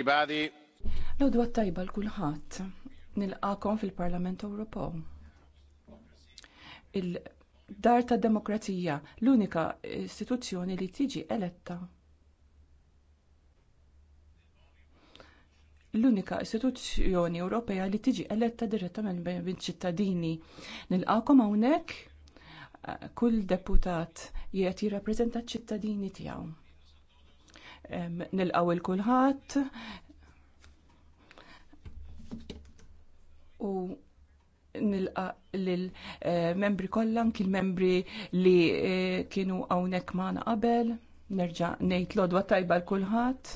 Ibadi. L-għodwa tajba l-kulħat nil-għakon fil-Parlament Ewropew. Il-dar ta' demokrazija l-unika istituzzjoni li tiġi eletta. L-unika istituzzjoni Ewropea li tiġi eletta direttament minn ċittadini. Nilqakom hawnhekk eh, kull deputat jgħet jirrappreżenta ċ-ċittadini tiegħu nilqaw il-kulħadd u nilqa lill-membri eh, kollha anki l-membri li eh, kienu hawnhekk magħna qabel nerġa' ngħid lodwa tajba l-kulħadd.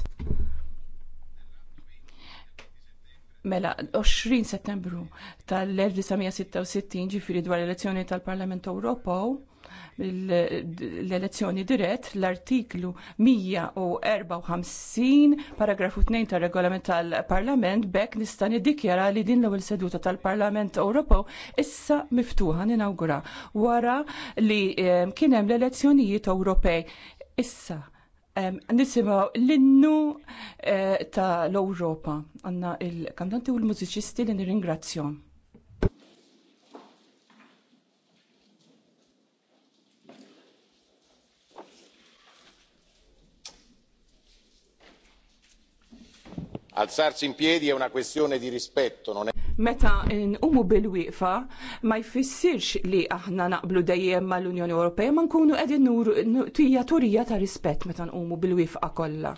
Mela, 20 settembru tal-1966 ġifiri dwar l-elezzjoni tal-Parlament Ewropew, l-elezzjoni dirett l-artiklu 154 paragrafu 2 tar regolament tal-Parlament bekk nista' niddikjara li din l-ewwel seduta tal-Parlament Ewropew issa miftuħa ninawgura wara li kien hemm l-elezzjonijiet Ewropej issa nisimaw l-innu eh, ta' l-Europa għanna il-kantanti u l-mużiċisti li nirringrazzjon. Alzarsi in piedi è una questione di rispetto, non è meta n-umu bil-wieqfa ma jfissirx li aħna naqblu dejjem mal-Unjoni Ewropea ma nkunu qegħdin nur turija ta' rispett meta n-umu bil-wieqfa kollha.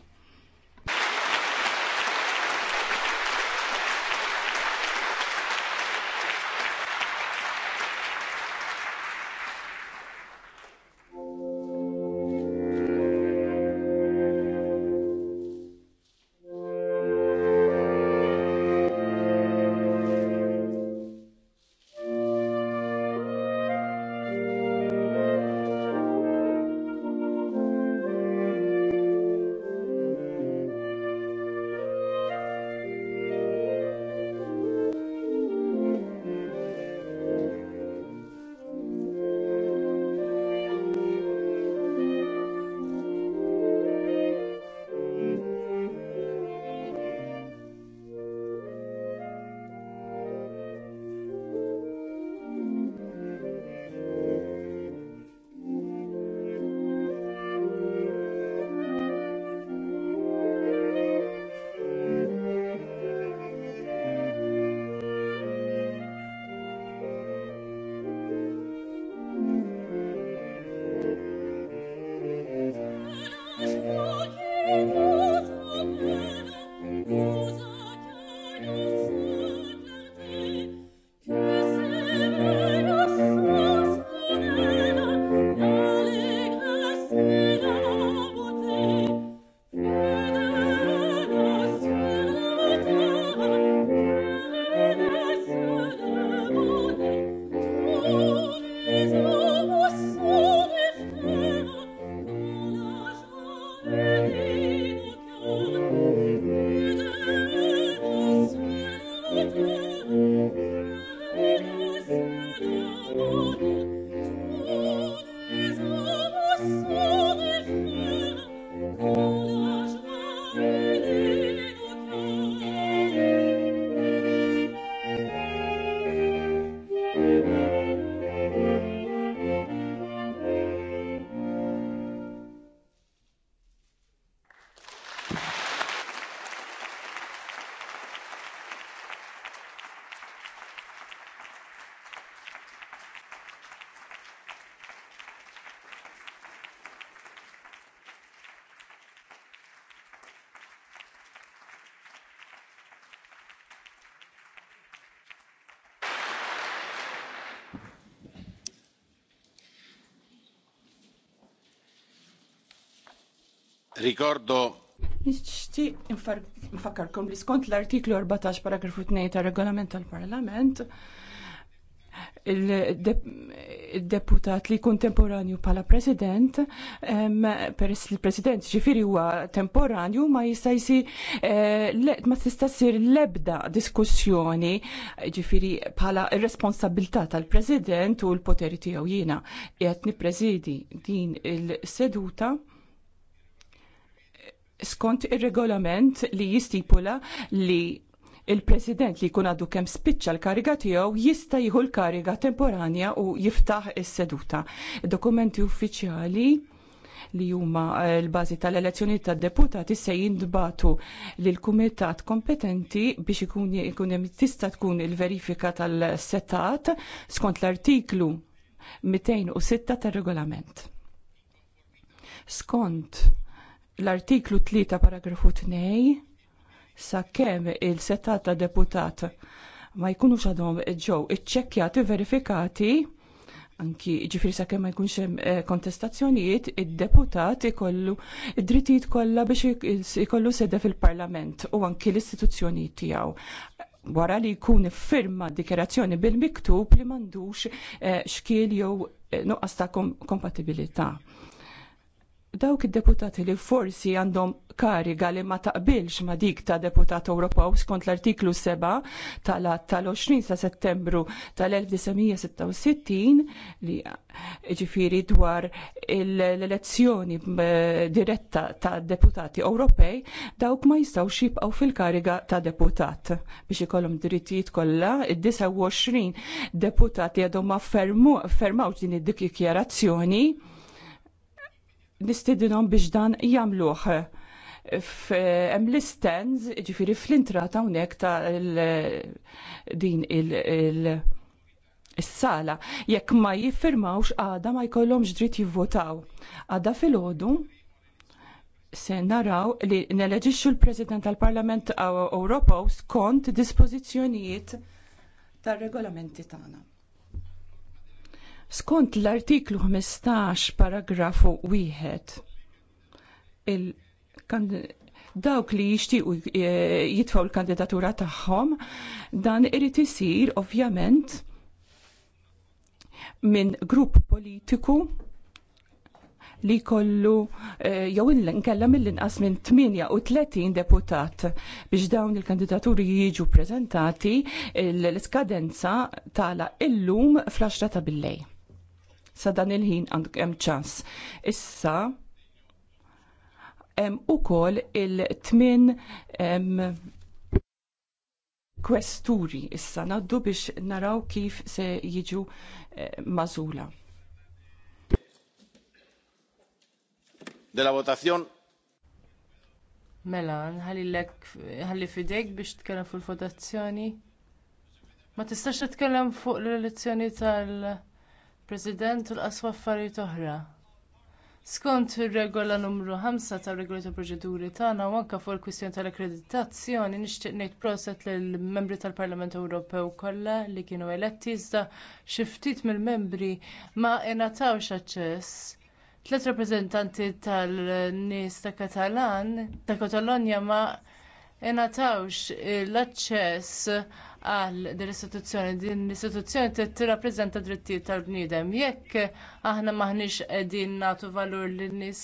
Ricordo Nixtieq infakkarkom li skont l-artiklu 14 paragrafu 2 tar regolament tal-Parlament il-deputat li jkun temporanju bħala president, peress li president ġifiri huwa temporanju ma jista' jsir eh, ma tista' ssir l-ebda diskussjoni ġifiri bħala ir-responsabilità tal-president u l-poteri tiegħu jiena qed prezidi din il-seduta skont ir-regolament li jistipula li il-President li jkun għadu kemm spiċċa l-kariga tiegħu jista' jieħu l-kariga temporanja u jiftaħ is-seduta. Dokumenti uffiċjali li huma l-bażi tal-elezzjoni tad-deputati se jindbatu lil kumitat kompetenti biex ikun ikun hemm tista' tkun il-verifika tal-setat skont l-artiklu 206 tar-regolament. Skont l-artiklu 3 paragrafu 2 sakemm il setata ta' deputat ma jkunux għadhom ġew iċċekkjati verifikati anki ġifiri sakemm ma jkunx hemm eh, kontestazzjonijiet, id-deputat ikollu id-drittijiet kollha biex ikollu sedda fil-Parlament u anki l-istituzzjonijiet tiegħu wara li jkun firma dikjerazzjoni bil-miktub li m'għandux eh, xkiel jew eh, nuqqas ta' kompatibilità dawk id-deputati li forsi għandhom kariga li ma taqbilx ma dik ta' deputat Ewropew skont l-artiklu 7 tal-20 ta' settembru tal-1966 li ġifiri dwar l-elezzjoni diretta ta' deputati Ewropej, dawk ma jistawx jibqgħu fil-kariga ta' deputat biex ikollhom drittijiet kollha id-29 deputati għadhom ma fermawx din id-dikjarazzjoni nistidinhom biex dan jagħmluh hemm l istenz ġifiri fl ta' hawnhekk ta' din il-sala. Jekk ma jiffirmawx għada ma jkollhomx dritt jivvotaw. Għada fil-ħodu se naraw li neleġixxu l-President tal-Parlament Ewropew skont dispożizzjonijiet tar-regolamenti tagħna. Skont l-artiklu 15 paragrafu 1 il dawk li jixtiequ eh, jitfgħu l-kandidatura tagħhom dan irid isir ovvjament minn grupp politiku li kollu eh, jew nkella mill-inqas minn 38 deputat biex dawn il-kandidaturi jiġu prezentati l-iskadenza tala illum fl-10 ta' billej sa dan il-ħin hemm ċans. Issa, hemm ukoll il-tmin kwesturi issa naddu biex naraw kif se jiġu eh, mażula. Della votazzjon Mela, nħalli fidejk biex tkellem fuq il votazzjoni Ma tistax titkellem fuq l-elezzjoni tal- President tal qaswa affarijiet oħra. Skont ir-regola numru 5 tar-regola tal proċeduri tagħna u anke fuq il-kwistjoni tal-akkreditazzjoni nixtieq ngħid proset lill-membri tal-Parlament Ewropew kollha li kienu eletti iżda xi ftit mill-membri ma ngħatawx aċċess tliet rappreżentanti tan nies ta' Katalan ta' Katalonja ma ingħatawx l-aċċess għal din l-istituzzjoni. Din l-istituzzjoni trid tirrappreżenta drittijiet tal-bniedem. Jekk aħna maħniex qegħdin nagħtu valur lin-nies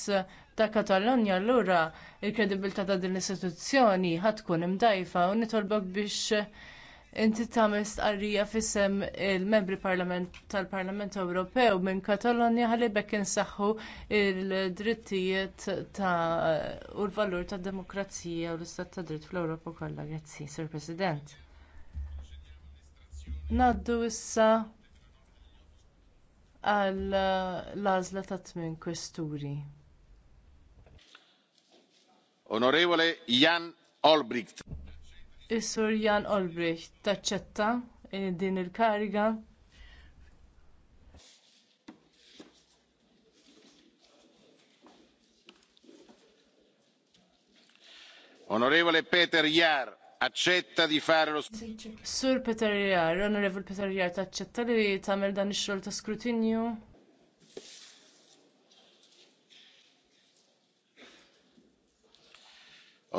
ta' Katalonja allura l kredibilta ta' din l-istituzzjoni ħadd tkun imdajfa u nitolbok biex inti tagħmel stqarrija fissem il-membri tal-Parlament Ewropew minn Katalonja ħalli bekk insaħħu l-drittijiet u l-valur tad-demokrazija u l-istat ta' dritt fl-Ewropa kollha. Grazzi, Sir President. Ngħaddu issa għal l-għażla ta' tmien kwesturi. Onorevole Jan Olbricht. Is-Sur Jan Olbricht taċċetta eh, din il-kariga. Onorevole Peter Jar, aċċetta di fare lo Sur Peter Jar, Onorevole Peter Jar, taċċetta li tagħmel dan ix-xogħol ta' skrutinju?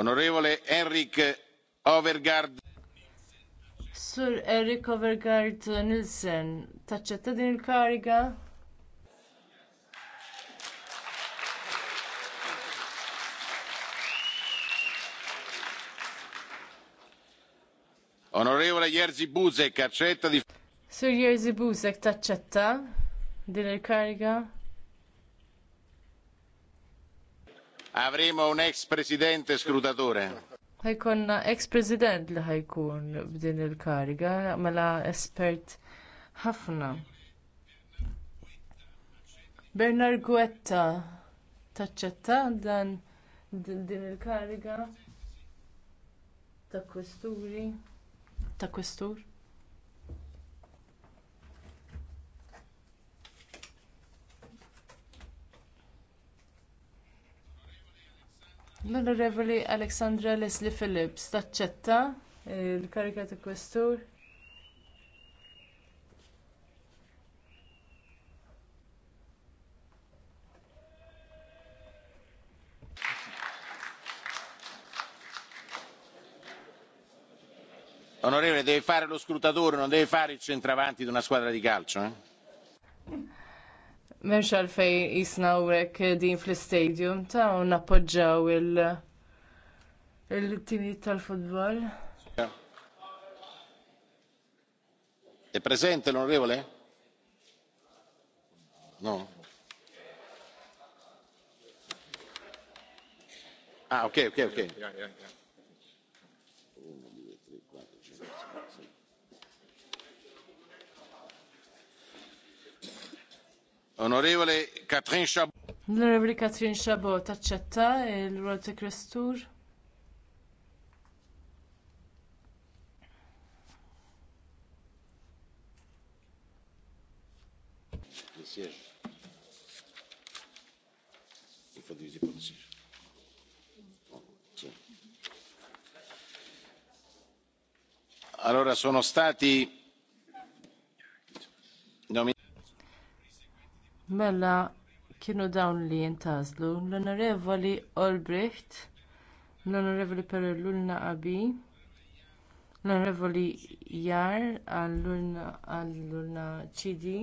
Onorevole Enrique Overgaard. Sur Erik Overgaard Nilsen, taċċetta din il-kariga? Onorevole Jerzy Buzek, accetta di... Sir Jerzy Buzek, taċċetta din il-kariga? Avremo un ex presidente scrutatore ħajkonna ex-president li ħajkun b'din il-kariga, mela espert ħafna. Bernard Guetta taċċetta dan din il-kariga ta' kwesturi ta' kwestur. L-Onorevoli Alexandra Leslie Phillips taċċetta eh, l-karika ta' kwestur. Onorevole, deve fare lo scrutatore, non deve fare il centravanti di una squadra di calcio. Eh? Menx għalfej jisna urek din fl-stadium ta' u nappoġġaw il-timijiet il timijiet tal futbol È e presente l'onorevole? No. Ah, ok, ok, ok. Yeah, yeah, yeah. due, tre, quattro, cinque, Onorevole Katrin Chabot. Onorevole Katrin Chabot, taċċetta il-Rolte Krestur? Allora sono stati mela kienu dawn li jintgħażlu l-onorevoli Olbrecht, l-onorevoli Perellulna Abi, l-onorevoli Jar għall-Luna Cidi,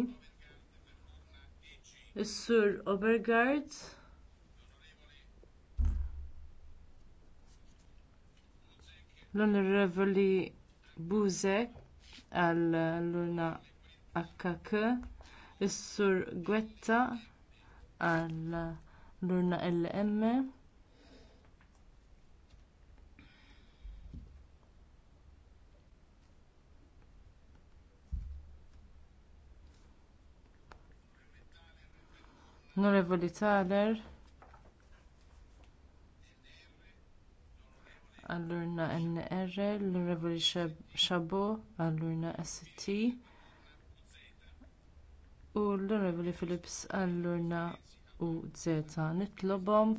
sur Obergard, l-onorevoli Buzek għall-Luna HK, Is-sur Gwetta għal l-urna LM. Onorevoli Thaler, allurna NR, l-Onorevoli Xabo, allurna ST, u l-Onorevoli Phillips għall-urna u zeta nitlobhom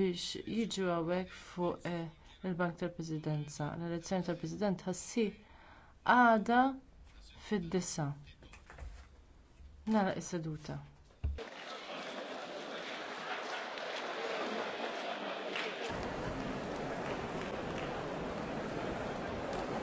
biex jiġu hawnhekk fuq eh, il-bank tal-Presidenza. L-elezzjoni tal-President ħassih għadha fid-disa. Nara is-seduta.